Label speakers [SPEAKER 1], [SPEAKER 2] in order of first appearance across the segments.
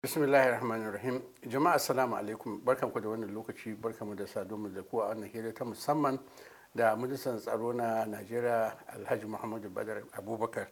[SPEAKER 1] bismillahirrahmanirrahim jama'a assalamu alaikum barkanku da wannan lokaci barkanku da saduwa da kowa a wannan hira ta musamman da majalisar tsaro na najeriya alhaji muhammadu badar abubakar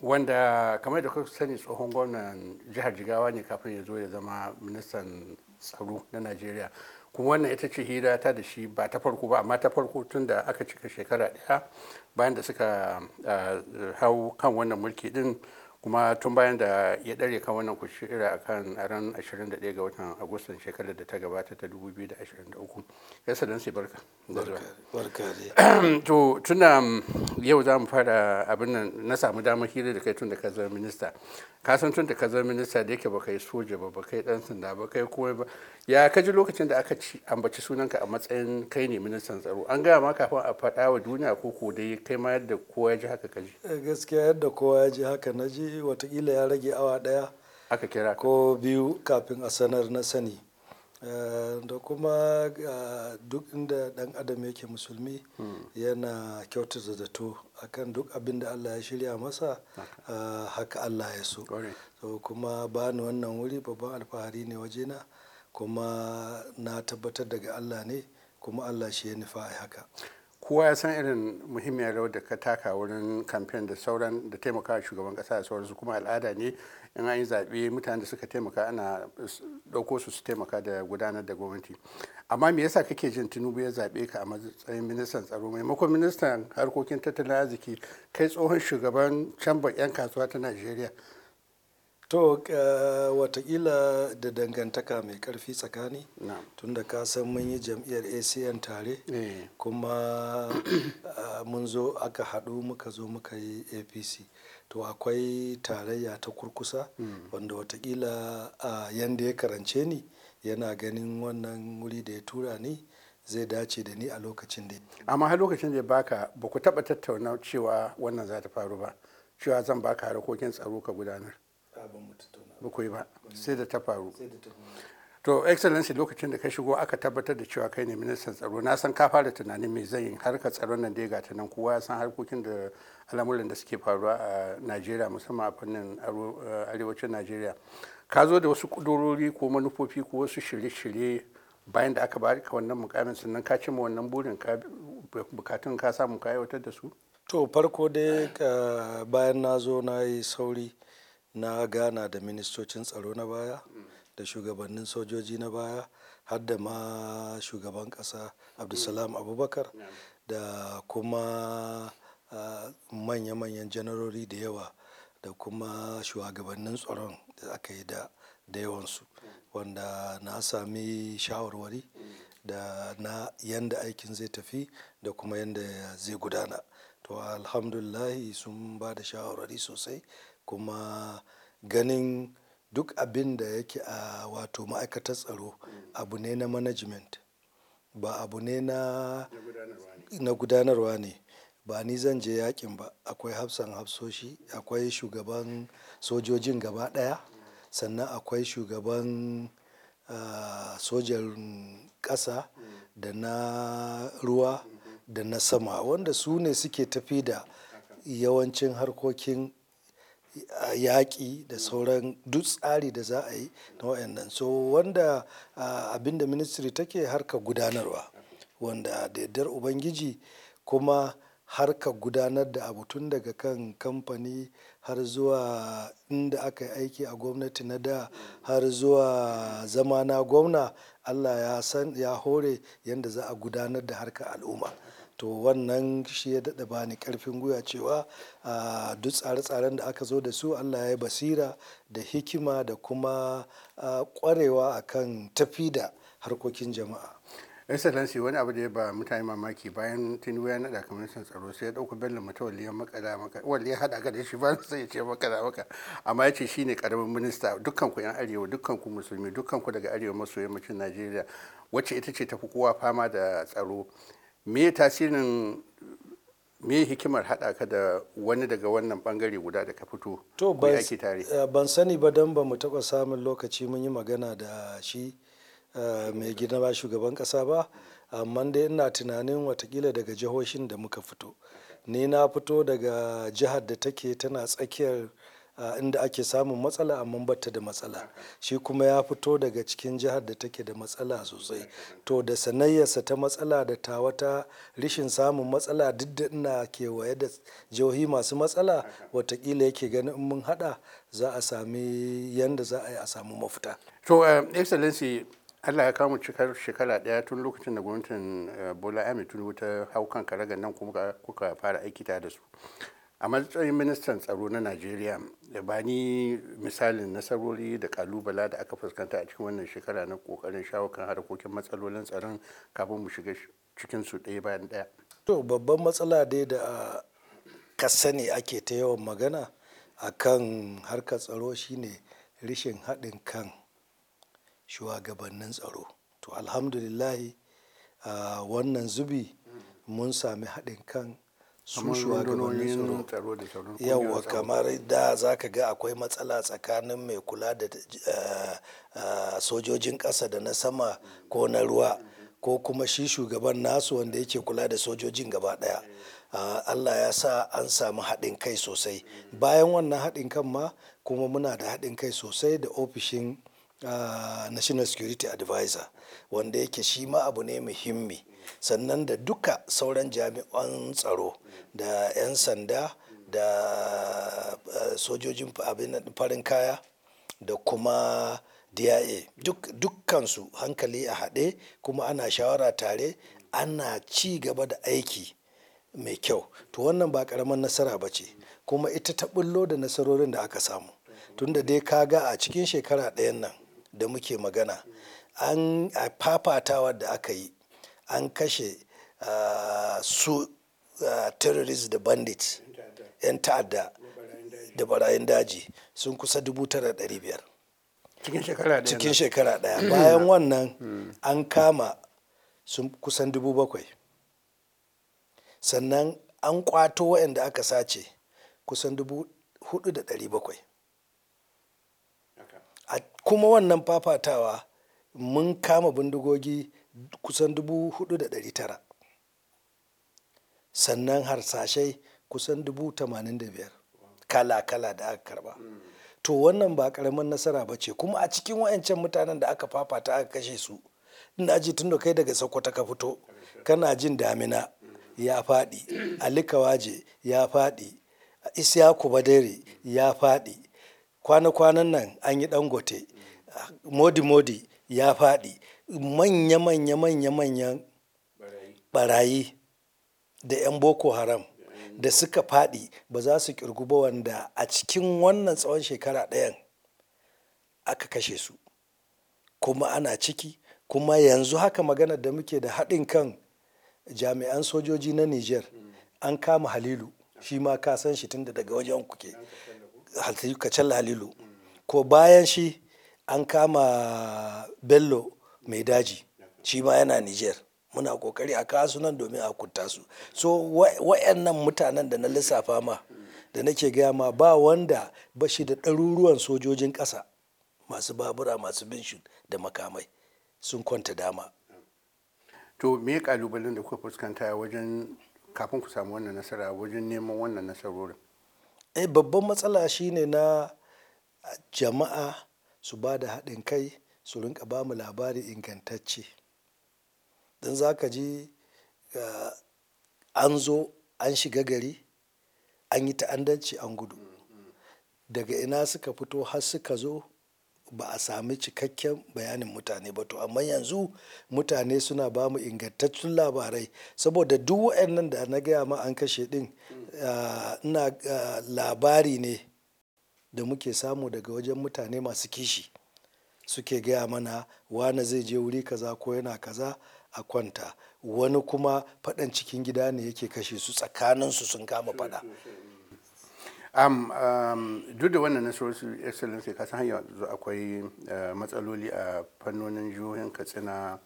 [SPEAKER 1] wanda kamar da kuka sani tsohon gwamnan jihar jigawa ne kafin ya zo ya zama ministan tsaro na najeriya kuma wannan ita ce hira ta da shi ba ta farko ba amma ta farko tun da aka cika shekara daya bayan da suka ah, hau kan wannan mulki din kuma tun bayan da ya dare kan wannan kushira a kan ran 21 ga watan agustan shekarar da ta gabata ta 2023 ya sadan sai barka barka to tuna yau za mu fara abin nan na samu damar hira da kai tun da ka zama minista ka san tun da ka zama minista da yake baka yi soja ba baka yi dan sanda ba kai komai ba ya ka ji lokacin da aka ci ambaci sunanka a matsayin kai ne ministan tsaro an gaya ma kafin a faɗa wa duniya ko ko dai kai ma yadda kowa ya ji haka ka ji
[SPEAKER 2] eh, gaskiya yadda kowa ya ji haka na ji watakila ya rage awa daya aka kira ko biyu kafin a sanar na sani eh, da kuma eh, duk inda dan adam yake musulmi hmm. yana kyautata zato akan duk abin da allah ya shirya masa haka eh, allah ya so kuma ba ni wannan wuri babban alfahari ne waje na kuma na tabbatar daga allah ne kuma allah shi ya nufa a haka
[SPEAKER 1] kowa ya san irin muhimmiyar rawar da ka taka wurin kamfen da sauran da taimakawa shugaban kasa da sauransu kuma al'ada ne in an yi zaɓe mutane da suka taimaka ana ɗauko su su taimaka da gudanar da gwamnati amma me yasa kake jin tinubu ya zaɓe ka a matsayin ministan tsaro maimakon ministan harkokin tattalin arziki kai tsohon shugaban cambar 'yan kasuwa ta nigeria. To,
[SPEAKER 2] eh, watakila da dangantaka mai karfi tsakani, tun tunda ka san mun yi jam'iyyar ACN tare, eh. kuma eh, mun zo aka haɗu muka zo muka yi APC. To, akwai tarayya ta kurkusa, hmm. wanda watakila a yanda ya karance ni yana ganin wannan wuri da ya tura
[SPEAKER 1] ni zai dace da ni a lokacin da Amma har lokacin da baka, ba ku taɓa tattauna cewa wannan za ta faru ba, cewa zan baka harkokin tsaro ka gudanar. ba ba sai da ta faru to excellency lokacin da ka shigo aka tabbatar da cewa kai ne ministan tsaro na san ka fara tunanin me zai harkar tsaron nan dai ga ta nan kowa ya san harkokin da al'amuran da suke faruwa a najeriya musamman a fannin eh, arewacin najeriya ka zo da wasu kudurori ko manufofi ko wasu shirye-shirye bayan da aka bari ka wannan mukamin sannan ka cimma wannan burin ka bukatun ka samu ka aiwatar da su to
[SPEAKER 2] farko dai eh, bayan na zo na yi sauri na gana da ministocin tsaro na baya da shugabannin sojoji na baya har da ma shugaban ƙasa abdulsalam abubakar da kuma manya-manyan janarori da yawa da kuma shugabannin tsaron da aka yi da da yawansu wanda na sami shawarwari da na yanda aikin zai tafi da kuma yanda zai gudana to alhamdulillahi sun ba da shawarwari sosai kuma ganin duk abin da yake a wato ma'aikatar tsaro abu ne na management ba abu ne na, gudanarwa ne. Ba ni zan je yaƙin ba. Akwai hafsan hafsoshi, akwai shugaban sojojin gaba ɗaya, sannan akwai shugaban, sojan ƙasa da na ruwa da na sama. Wanda su ne suke tafi da yawancin harkokin yaƙi da sauran duk tsari da za a yi na wayannan so wanda abinda ministry take harka gudanarwa wanda da ubangiji kuma harka gudanar da abu tun daga kan kamfani har zuwa inda aka yi aiki a gwamnati na da har zuwa zama na gwamna allah ya ya hore yadda za a gudanar da harkar al'umma to wannan shi ya daɗa bani ƙarfin gwiwa cewa a duk tsare-tsaren da aka zo da su Allah ya yi basira da hikima da
[SPEAKER 1] kuma ƙwarewa kan tafi da harkokin jama'a excellency wani abu da ya ba mutane mamaki bayan tinubu ya naɗa kwamitin tsaro sai ya ɗauka bello mata waliyan makada maka waliyan haɗa ka da shi ba sai ya ce makada maka amma ya ce shi ne ƙaramin minista dukkan 'yan arewa dukkan musulmi dukkan daga arewa maso yammacin najeriya wacce ita ce tafi kowa fama da tsaro me tasirin me hikimar haɗa ka da wani daga wannan bangare guda da ka fito to eh,
[SPEAKER 2] ban sani ba don ba mu taɓa samun lokaci mun yi magana da shi eh, mai gina ba shugaban ƙasa ba amma dai ina tunanin watakila daga jihohin da muka fito ni na fito daga jihar da take tana tsakiyar inda ake samun matsala amma bata da matsala shi kuma ya fito daga cikin jihar da take da matsala sosai to da sanayyarsa ta matsala da ta wata rishin samun matsala duk da ina kewaye da jihohi masu matsala watakila yake ganin in mun hada za a sami yanda za a yi a samu mafita
[SPEAKER 1] to eh, excellency allah ya kama cikar shekara daya tun lokacin da gwamnatin eh, bola ahmed tinubu ta hau kan nan kuma kuka fara aiki da su a matsayin ministan tsaro na najeriya da bani misalin nasarori da kalubala da aka fuskanta a cikin wannan shekara na kokarin shawo kan harkokin matsalolin tsaron kafin mu shiga cikin su ɗaya bayan ɗaya
[SPEAKER 2] to babban matsala dai da ka sani ake ta yawan magana a kan harkar tsaro shine rishin haɗin kan shugabannin tsaro to alhamdulillahi wannan zubi mun sami haɗin kan su
[SPEAKER 1] kamar da za
[SPEAKER 2] ka ga akwai matsala tsakanin mai kula da eh, eh, sojojin ƙasa da na sama ko na ruwa ko kuma shi shugaban nasu wanda yake kula da sojojin gaba ɗaya ah, allah ya sa an samu haɗin kai sosai bayan wannan haɗin kan ma kuma muna da haɗin kai sosai da ofishin national security advisor wanda yake shi ma abu ne muhimmi sannan da duka sauran jami'an tsaro da 'yan sanda da uh, sojojin farin kaya da kuma dia duk dukkansu hankali a haɗe kuma ana shawara tare ana ci gaba da aiki mai kyau to wannan ba ƙaramin nasara ba ce kuma ita ta bullo da nasarorin da aka samu tunda dai ka ga a cikin shekara ɗayan nan da muke magana an a fafatawa da aka yi an kashe su terrorist da bandit 'yan ta'adda da barayin daji sun kusa dubu tara biyar. cikin shekara daya hmm. bayan wannan hmm. an kama sun kusan dubu bakwai sannan an kwato waɗanda aka sace kusan dubu hudu da bakwai. a kuma wannan fafatawa mun kama bindigogi kusan dubu hudu da ɗari tara sannan harsashai kusan dubu tamanin da biyar kala-kala da aka karba to wannan ba karamin nasara ba ce kuma a cikin wayancan mutanen da aka fafata aka kashe su ina ji tun da kai daga sokoto ka fito kana jin damina ya faɗi alikawaje ya faɗi isiyaku badere ya faɗi kwana-kwanan nan an yi dangote modi-modi ya faɗi manya-manya-manya-manyan barayi da 'yan boko haram da suka faɗi ba za su kirgu ba wanda a cikin wannan tsawon shekara ɗayan aka kashe su kuma ana ciki kuma yanzu haka magana da muke da haɗin kan jami'an sojoji na niger an kama halilu shi ma ka shi tun da daga wajen kuke kacalla halilu ko bayan shi an kama bello mai daji shi ma yana niger muna kokari a kasu nan domin a kunta su so wa'annan mutanen da na lissafa ma da nake gaya ma ba wanda ba shi da ɗaruruwan sojojin ƙasa
[SPEAKER 1] masu babura masu binshin da makamai sun kwanta dama to me kalubalen da kuka fuskanta wajen kafin ku samu wannan nasara wajen neman wannan nasarorin
[SPEAKER 2] Eh, babban matsala shine na jama'a su ba da haɗin kai, su rinka ba mu labari ingantacce. don za ka ji, eh, an zo an shiga gari, an yi ta'andanci an gudu. Mm, mm. Daga ina suka fito har suka zo ba a sami cikakken bayanin mutane ba to amma yanzu mutane suna ba mu ingantaccen labarai saboda duk waɗannan da na gaya ma an kashe ɗin ah, ina ah, labari ne da muke samu daga wajen mutane masu kishi suke gaya mana wane zai je wuri kaza ko yana kaza a kwanta
[SPEAKER 1] wani kuma faɗan cikin gida ne yake kashe su tsakaninsu sun kama faɗa duk da wannan nasarar su excellence ka san yanzu akwai eh, matsaloli a fannonin jihohin katsina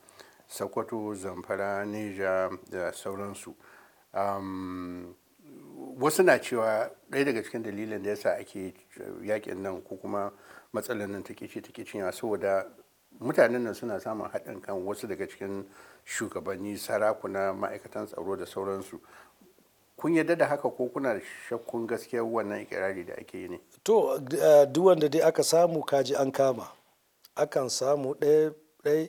[SPEAKER 1] sokoto zamfara neja da sauransu wasu na cewa ɗaya daga cikin dalilin da yasa ake yakin nan ko kuma matsalar nan ta ce take saboda mutanen nan suna samun haɗin kan wasu daga cikin shugabanni sarakuna ma'aikatan tsaro da sauransu kun yarda da haka ko kuna shakkun gaskiyar wannan ikirari da ake yi ne
[SPEAKER 2] to eh, duk wanda dai aka samu kaji an kama akan samu ɗaya ɗaya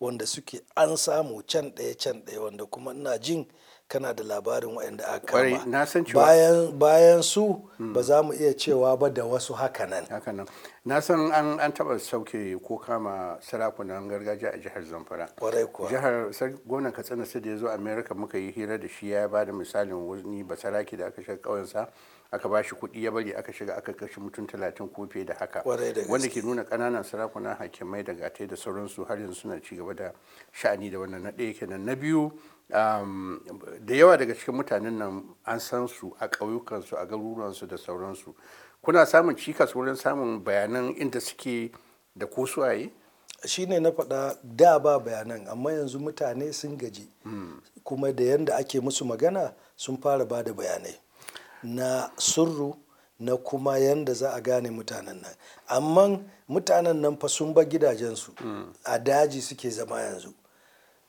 [SPEAKER 2] wanda suke an samu can ɗaya can ɗaya wanda kuma ina jin kana da labarin waɗanda aka kama bayan su hmm. ba za mu iya cewa ba da wasu hakanan hakanan
[SPEAKER 1] na san an an taba sauke ko kama sarakunan gargajiya a jihar Zamfara kwarai kuwa jihar gonan Katsina sai da ya zo America muka yi hira da shi ya ba da misalin wani basaraki da aka shiga kauyen aka ba shi kuɗi ya bari aka shiga aka kashe mutum talatin ko fiye da haka wanda ke nuna ƙananan sarakunan hakimai da gatai da sauransu har yanzu suna ci gaba da sha'ani da wannan na ɗaya kenan na biyu da yawa daga cikin mutanen nan an san su a ƙauyukansu a garuruwansu da sauransu kuna samun cikas wurin samun bayanan inda suke da ko suwaye
[SPEAKER 2] ne na faɗa da ba bayanan amma yanzu mutane sun gaji hmm. kuma da yadda ake musu magana sun fara ba da bayanai na surru na kuma yadda za a gane mutanen nan amma mutanen nan fa sun ba gidajensu hmm. a daji suke zama yanzu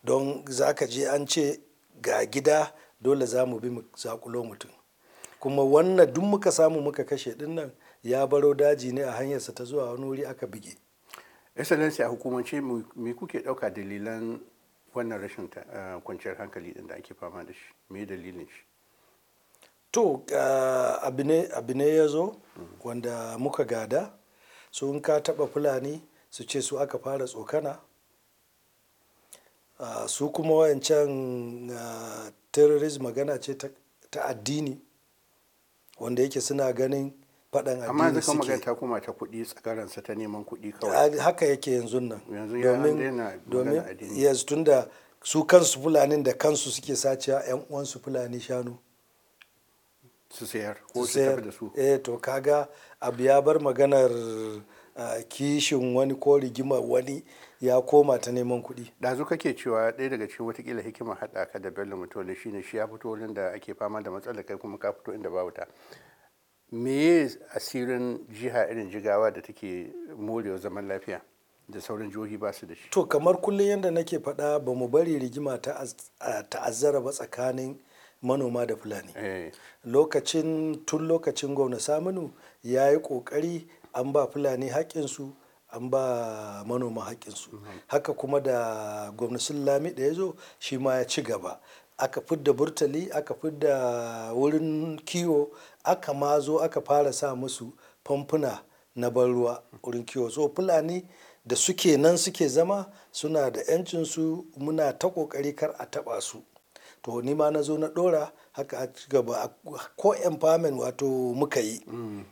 [SPEAKER 2] don za ka je an ce ga gida dole za mu bi mu zakulo mutum kuma wannan duk muka samu muka kashe dinnan ya baro daji ne a hanyarsa ta zuwa
[SPEAKER 1] wani wuri aka bige excellency a hukumance me kuke ɗauka dalilan wannan rashin eh, kwanciyar hankali din da ake fama da shi me dalilin shi to
[SPEAKER 2] eh, abu ne ya zo wanda muka gada su in ka taba fulani su ce su aka fara tsokana Ah, su kuma wayancan ah, terrorism magana ce ta addini wanda yake suna ganin faɗan addini amma duka magana
[SPEAKER 1] ta kuma ta kuɗi sa ta neman kuɗi
[SPEAKER 2] kawai ah, haka yake yanzu nan domin domin yes tunda su kansu fulanin da kansu suke sacewa yan uwansu fulani shanu su sayar ko su tafi da su eh to kaga abu ya bar maganar kishin wani ko rigimar wani ya koma ta neman kuɗi.
[SPEAKER 1] ɗazu kake cewa ɗaya daga cikin watakila hikimar haɗa ka da bello mutone shine shi ya fito wurin da ake fama da matsalar kai kuma ka fito inda babu ta meye asirin jiha irin jigawa da take morewa zaman lafiya da sauran jihohi ba su da shi
[SPEAKER 2] to kamar kullum yadda nake faɗa ba mu bari rigima ta ta'azzara ba tsakanin manoma da fulani eh. lokacin tun lokacin gwamna saminu ya yi ƙoƙari an ba fulani haƙƙinsu an ba manoma haƙƙinsu haka kuma da gwamnatin lami da ya zo shi ma ya ci gaba aka fidda burtali aka fidda wurin kiwo aka ma zo aka fara sa musu famfuna na ban ruwa wurin kiwo so fulani da suke nan suke zama suna da 'yancinsu muna ta ƙoƙari kar a taɓa su to ni ma na zo na ɗora haka a ci gaba ko empowerment wato muka yi mm,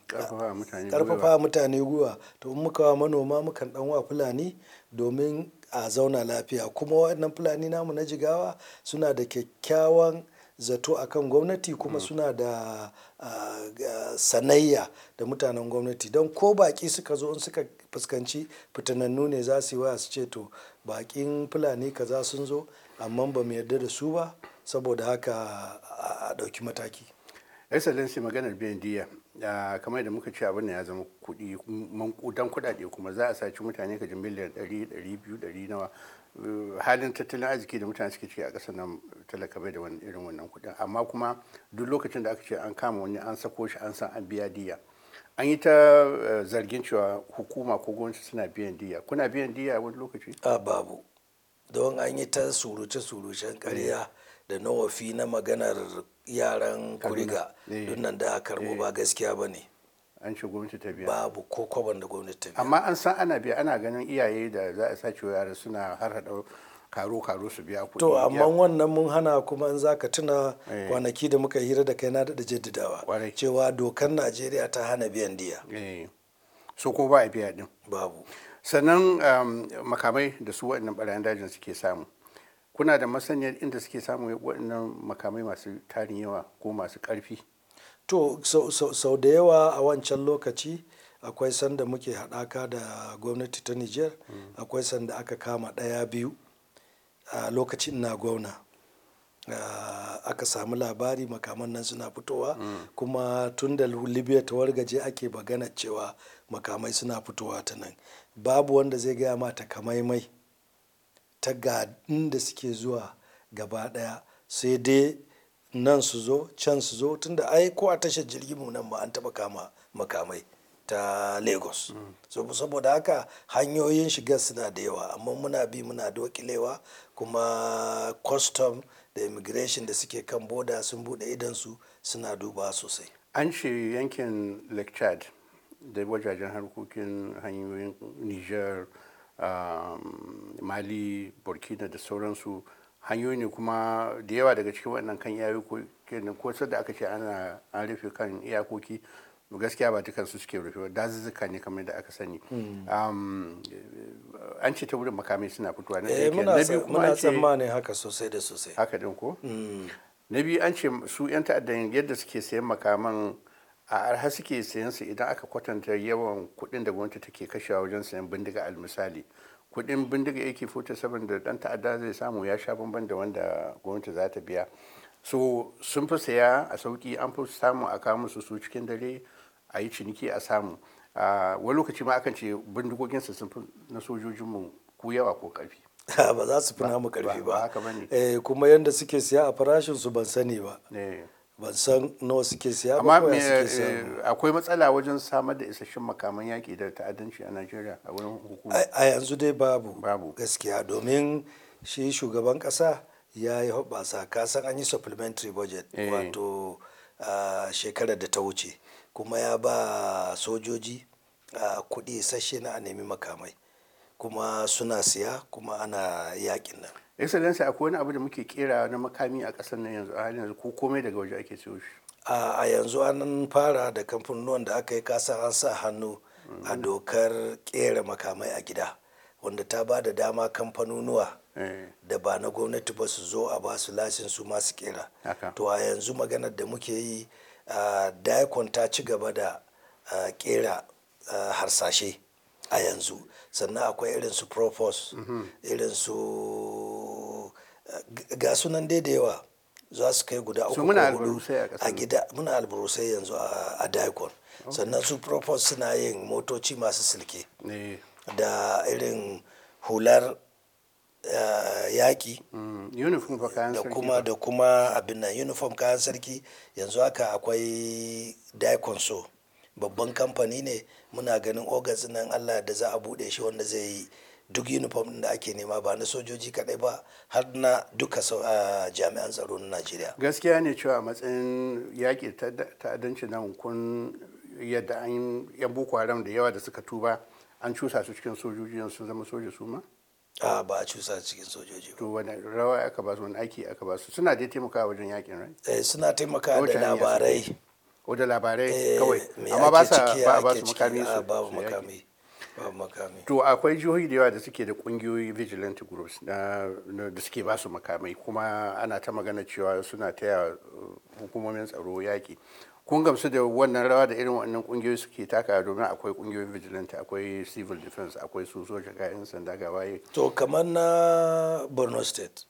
[SPEAKER 2] ƙarfafa mutane gwiwa to in muka wa manoma mukan ɗan wa fulani domin a zauna lafiya kuma waɗannan fulani namu na jigawa suna da kyakkyawan zato akan gwamnati kuma mm. suna da sanayya da mutanen gwamnati don ko baƙi suka zo in suka fuskanci fitanannu ne za su yi waya su ce to baƙin fulani kaza sun zo amma ba mu yarda da su ba saboda
[SPEAKER 1] haka a ɗauki mataki excellency maganar biyan diya kamar da muka ce abin da ya zama kuɗi dan kuɗaɗe kuma za a saci mutane kaji miliyan 100 200 nawa eh, halin tattalin arziki da mutane suke ciki a ƙasar nan talaka bai da irin wannan kuɗin amma kuma duk lokacin da aka ce an kama wani an sako shi an san an biya diya an yi ta eh, zargin cewa hukuma ko gwamnati suna biyan diya kuna biyan diya wani lokaci a babu don an yi ta suruce-surucen
[SPEAKER 2] karya eh. da nawafi na maganar yaran kuriga eh. don nan da aka karbo eh. ba gaskiya ba ne an ce gwamnati ta biya babu ko kwaban da
[SPEAKER 1] gwamnati ta biya amma an san ana biya ana ganin iyaye da za a sace yara suna har hada karo karo su biya kuɗi to amma
[SPEAKER 2] wannan mun hana kuma in zaka tuna eh. kwanaki da muka hira da kai na da jaddadawa
[SPEAKER 1] cewa dokar
[SPEAKER 2] Najeriya ta hana biyan diya
[SPEAKER 1] so ko ba a biya din babu sannan um, makamai da su waɗannan barayan dajin suke samu kuna da masaniyar inda suke samun waɗannan makamai masu tarin yawa ko masu ƙarfi to
[SPEAKER 2] sau da yawa a wancan lokaci akwai sanda muke haɗaka da gwamnati ta niger akwai sanda aka kama ɗaya biyu a lokacin na gwamna aka samu labari makaman nan suna fitowa kuma tun da libya ta wargaje ake bagana cewa makamai suna fitowa ta nan babu wanda zai gaya mata kamaimai ta ga da suke zuwa gaba ɗaya sai dai nan su zo can su zo tunda ai ko a tashar jirgin mu nan ma an taba kama makamai ta lagos so saboda haka hanyoyin shiga suna da yawa amma muna bi muna dokilewa kuma custom da immigration da suke kan boda sun bude idansu suna duba sosai
[SPEAKER 1] an ce yankin lake chad da wajajen harkokin hanyoyin niger Um, mali burkina da sauransu hanyoyi ne kuma da yawa daga cikin waɗannan kan iyayi ko ko da aka ce ana an rufe kan iyakoki gaskiya ba dukan su suke rufe dazuzzuka ne kamar da aka sani hmm. um, an ce ta wurin makamai suna fitowa na eh, biyu kuma an ce muna
[SPEAKER 2] haka sosai da
[SPEAKER 1] sosai haka din ko hmm. na biyu an ce su yan ta'addan yadda suke sayan makaman a arha suke sayan su idan aka kwatanta yawan kuɗin da gwamnati take kashewa wajen sayan bindiga al misali kuɗin bindiga yake 47 da dan ta'adda zai samu ya sha bamban da wanda gwamnati za ta biya so sun fi saya a sauki an fi samu a kawo musu su cikin dare a yi ciniki a samu a wani lokaci ma akan ce bindigoginsa sun fi na sojojinmu ko yawa ko ƙarfi ba za su fi namu ƙarfi ba eh,
[SPEAKER 2] kuma yadda suke siya a farashin su ban sani ba eh. ban san nawa suke siya ba ko suke siya eh,
[SPEAKER 1] akwai matsala wajen samar da isasshen makaman yaƙi da ta'addanci a Najeriya a wurin hukuma a yanzu dai babu babu gaskiya domin shi shugaban ƙasa
[SPEAKER 2] ya yi ka san an yi supplementary budget eh. wato shekarar da ta wuce kuma ya ba sojoji kuɗi isasshe na a nemi makamai
[SPEAKER 1] kuma suna siya kuma ana yakin nan excellency akwai wani abu da muke kera na makami a ƙasar nan yanzu a ko komai daga waje ake siyo shi a yanzu an
[SPEAKER 2] fara da kamfanin da aka yi kasa an sa hannu a mm. dokar kera makamai a gida wanda ta ba da dama kamfanonuwa eh. da ba na gwamnati ba su zo a ba su lasin su masu kera to a yanzu maganar da muke yi daikon ta ci gaba da kera harsashe a yanzu sannan akwai irin su propos irin su eh, ga sunan dai da yawa za su kai guda uku hudu a gida muna alburusai yanzu a daikon sannan su propos suna yin motoci masu silke eh. da irin hular eh, yaƙi mm, da kuma da kuma abin nan uniform kayan sarki yanzu haka akwai daikon so babban kamfani ne muna ganin august nan allah da za a buɗe shi wanda zai yi duk uniform da ake nema ba na sojoji kadai ba har na duka jami'an tsaro na najeriya
[SPEAKER 1] gaskiya ne cewa a matsayin yaƙi ta'addanci nan kun yadda an yan boko haram da yawa da suka tuba an cusa su cikin sojoji sun zama soja su ma a ba a cusa cikin sojoji to wani rawa aka ba su wani aiki aka ba su suna dai taimakawa wajen yakin rai eh, suna taimakawa da labarai wajen labarai eh, kawai amma ba su makami su ah, babu makami
[SPEAKER 2] babu makami
[SPEAKER 1] to akwai jihohi da yawa da suke da kungiyoyi vigilante groups na da suke ba su makamai kuma ana ta magana cewa suna taya uh, hukumomin tsaro yaki kun gamsu da wannan rawa da irin wannan kungiyoyi suke taka domin akwai kungiyoyin vigilante akwai civil defense akwai su soja ga yan sanda ga waye
[SPEAKER 2] to kamar na borno state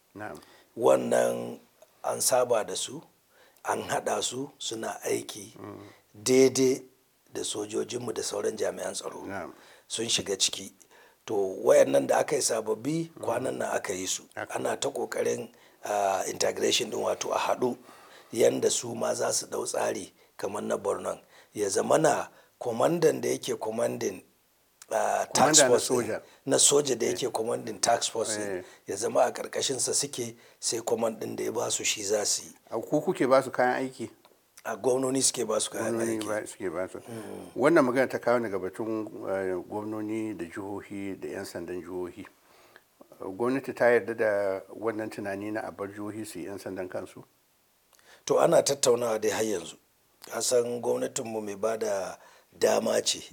[SPEAKER 2] wannan an saba da su an haɗa su suna aiki daidai da sojojinmu da sauran jami'an tsaro sun shiga ciki to wayannan da aka yi sababbi kwanan nan aka yi su ana ta ƙoƙarin integration din wato a haɗu yadda su ma za su ɗau tsari kamar na borno ya zamana kwamandan da yake kwamandin Uh, tax force na soja da eh. yake commanding tax force eh. ya zama a karkashin sa suke sai
[SPEAKER 1] commanding da ya ba su shi za su yi a ku kuke ba su kayan aiki a
[SPEAKER 2] gwamnoni suke ba
[SPEAKER 1] su kayan aiki suke ba su mm. wannan magana ta kawo daga batun eh, gwamnoni da jihohi da 'yan sandan jihohi gwamnati ta yarda da wannan tunani na abar jihohi su 'yan sandan kansu to ana tattaunawa dai har yanzu kasan
[SPEAKER 2] gwamnatinmu mai ba da dama ce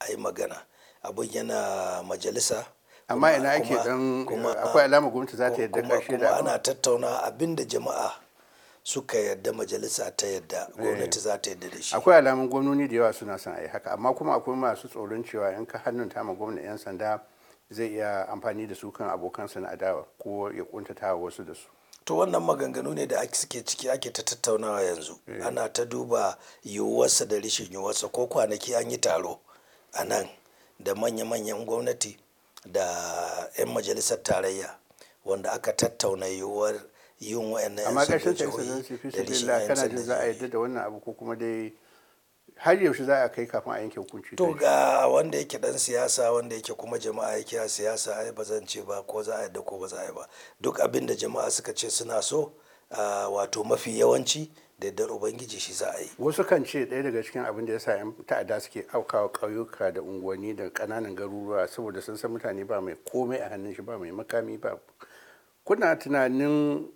[SPEAKER 2] a yi magana abin yana majalisa amma ina ake dan akwai alama gwamnati za ta yadda karshe da ana tattauna abin da jama'a suka yadda majalisa ta yadda eh. gwamnati za ta yadda da shi
[SPEAKER 1] akwai alamun gwamnoni da yawa suna son a yi haka amma kuma akwai masu tsoron cewa in ka hannun ta ma gwamnati yan sanda zai iya amfani da su kan abokan na adawa ko ya kuntata wasu da su to wannan maganganu ne da
[SPEAKER 2] suke ciki ake ta tattaunawa yanzu eh. ana ta duba yiwuwarsa da rashin yiwuwarsa ko kwanaki an yi taro a nan da manya-manyan gwamnati da 'yan majalisar tarayya wanda aka tattauna yiwuwar yin wa'annan amma ƙarshen excellency fi sabilillah kana jin za
[SPEAKER 1] a yadda da wannan abu ko kuma dai har yaushe za a kai kafin a yanke hukunci to ga wanda yake dan siyasa wanda yake kuma
[SPEAKER 2] jama'a yake a siyasa ai ba zan ce ba ko za a yadda ko ba za a yi ba duk abin da jama'a suka ce suna so wato mafi yawanci da yadda ubangiji shi za a yi
[SPEAKER 1] wasu kan ce ɗaya daga cikin abin da ya sa yan ta'adda suke aukawa ƙauyuka da unguwanni da ƙananan garuruwa saboda sun san mutane ba mai komai a hannun shi ba mai makami ba kuna tunanin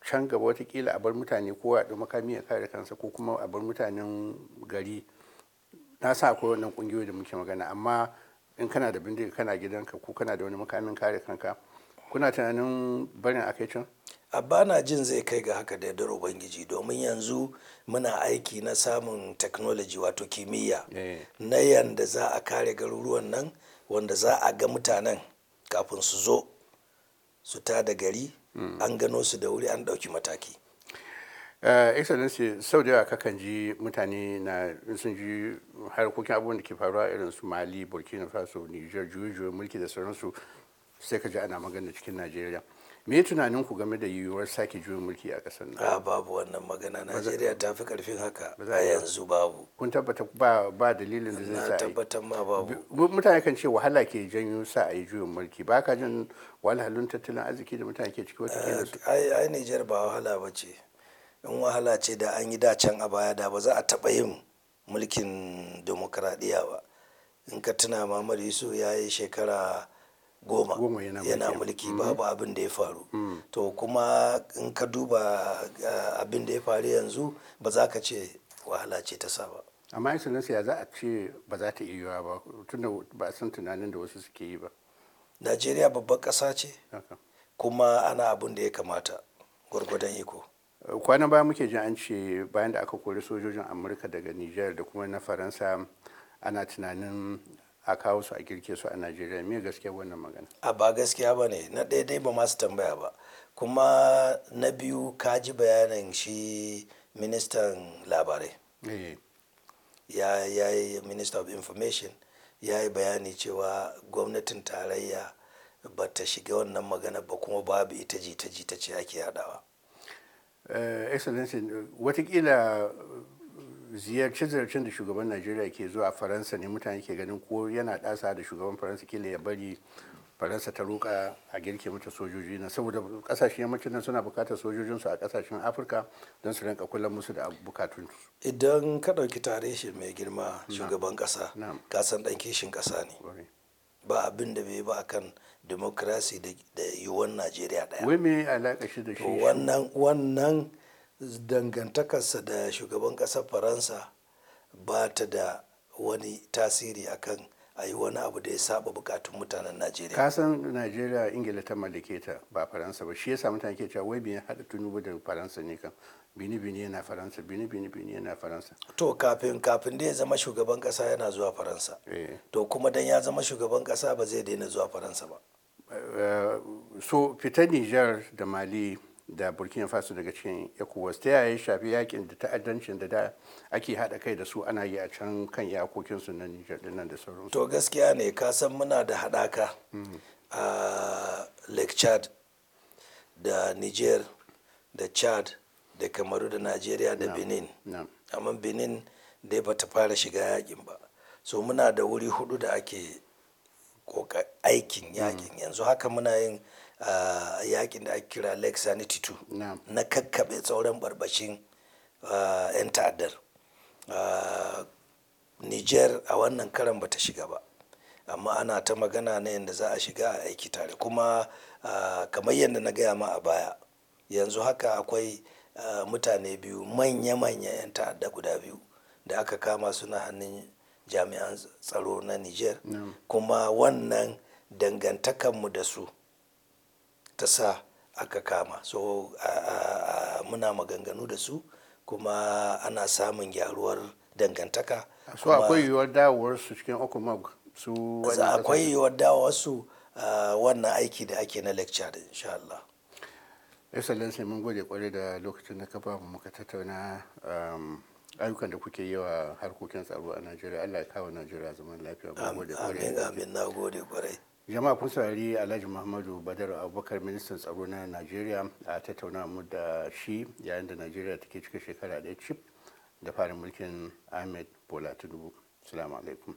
[SPEAKER 1] can gaba watakila a bar mutane ko a makami ya kare kansa ko kuma a bar mutanen gari na sa akwai wannan ƙungiyoyi da muke magana amma in kana da bindiga kana gidanka ko kana da wani makamin kare kanka kuna tunanin barin kai can
[SPEAKER 2] abba na jin zai kai ga haka da yardar ubangiji domin yanzu muna aiki na samun teknoloji wato kimiyya eh. na yanda za a kare garuruwan nan wanda za a ga mutanen kafin su zo su ta da gari hmm. an gano su da wuri an ɗauki mataki
[SPEAKER 1] eh, excellency sau da yawa kakan ji mutane na sun ji harkokin abubuwan da ke faruwa irin su mali burkina faso niger juyi mulki da sauransu sai ka ji ana magana cikin najeriya me tunanin ku game da yiwuwar sake juyin mulki a ƙasar nan a ah,
[SPEAKER 2] babu wannan magana najeriya ta fi karfin haka a yanzu babu
[SPEAKER 1] kun tabbata ba ba dalilin da zai sa tabbatar ma babu mutane kan ce wahala ke janyo sa a yi juyin mulki ba ka jin wahalhalun tattalin arziki da mutane ke ciki wata kila ah, ai ai Niger
[SPEAKER 2] ba wahala ba ce in wahala ce da an yi da can a baya da ba za a taɓa yin mulkin demokradiyya ba in ka tuna Muhammadu Yusuf ya yi shekara goma yana mulki mm-hmm. babu abin da ya faru mm. to kuma
[SPEAKER 1] in ka duba uh, abin da ya faru yanzu ba za ka ce wahala ce ta sa ba amma insulinsa ya za a ce ba za ta iya ba tunda ba a san tunanin da wasu suke yi ba najeriya babban ƙasa ce kuma ana abin da ya kamata
[SPEAKER 2] gwargwadon iko
[SPEAKER 1] uh, kwanan baya muke jin an ce bayan da aka kori sojojin amurka daga Nijar da kuma na faransa ana tunanin a kawo su a girke su a najeriya me gaskiya wannan magana a ba gaskiya ba ne na ɗaya dai ba masu tambaya ba kuma
[SPEAKER 2] na biyu ka ji bayanin shi ministan labarai eh. ya yi minister of information ya yi bayani cewa gwamnatin tarayya ba ta shiga wannan magana ba kuma babu ita jita jita ce ake yadawa
[SPEAKER 1] eh, excellency watakila Ziyarci ziyarcin da shugaban najeriya ke zuwa faransa ne mutane ke ganin ko yana ɗasa da shugaban faransa kila ya bari faransa ta roƙa a girke mata sojoji na saboda kasashen yammacin nan suna bukatar sojojinsu a kasashen afirka don su rinka kula musu da bukatunsu idan ka ɗauki
[SPEAKER 2] tarihi mai girma shugaban ƙasa kasan ɗan kishin ƙasa ne ba abin da bai ba akan demokrasi da yiwuwar najeriya ɗaya wai me alaƙa shi da shi wannan wannan dangantakarsa da shugaban ƙasar faransa ba ta da wani tasiri akan a yi wani abu da ya saba bukatun mutanen
[SPEAKER 1] najeriya kasan najeriya ingila ta mallake ta ba faransa ba shi yasa mutane ke cewa wai biyan haɗa tunubu da faransa ne kan bini bini yana faransa bini bini bini yana faransa to kafin
[SPEAKER 2] kafin da ya zama shugaban kasa yana zuwa faransa eh. to kuma dan ya zama shugaban kasa ba zai daina
[SPEAKER 1] zuwa faransa ba eh, so fitar nijar da mali da burkina faso daga cikin ecowas ta yaya shafi yakin da ta'addancin da da ake haɗa kai da su ana yi a can kan iyakokinsu na nijar dinnan da sauransu to gaskiya ne ka san muna da haɗaka hmm. a lake chad da niger
[SPEAKER 2] da chad da kamaru da nigeria da benin amma benin dai bata fara shiga yakin ba so muna da wuri hudu da ake aikin yakin hmm. yanzu haka muna yin yakin da ake kira lake sanity 2 na kakkaɓe tsauran barbashin 'yan ta'addar niger a wannan karan bata shiga ba amma ana ta magana na yadda za a shiga a aiki tare kuma kamar yadda na gaya ma a baya yanzu haka akwai mutane biyu manya-manya 'yan ta'adda guda biyu da aka kama suna hannun jami'an tsaro na niger kuma wannan dangantakanmu da su ta sa aka kama so muna maganganu da su kuma ana samun gyaruwar dangantaka
[SPEAKER 1] so akwai yiwuwar dawowar su cikin okumog su akwai yiwuwar
[SPEAKER 2] dawowar su
[SPEAKER 1] wannan aiki da ake na lecture da insha Allah excellency mun gode kwarai da lokacin da ka ba mu muka tattauna um, ayyukan da kuke yi wa harkokin tsaro a najeriya allah ya kawo najeriya zaman lafiya mun gode kwarai amin na gode kwarai jama'a kun saurari alhaji muhammadu badar abubakar ministan tsaro na najeriya a tattauna mu da shi yayin da najeriya take cika shekara ɗaya cif da farin mulkin ahmed bola tinubu salamu alaikum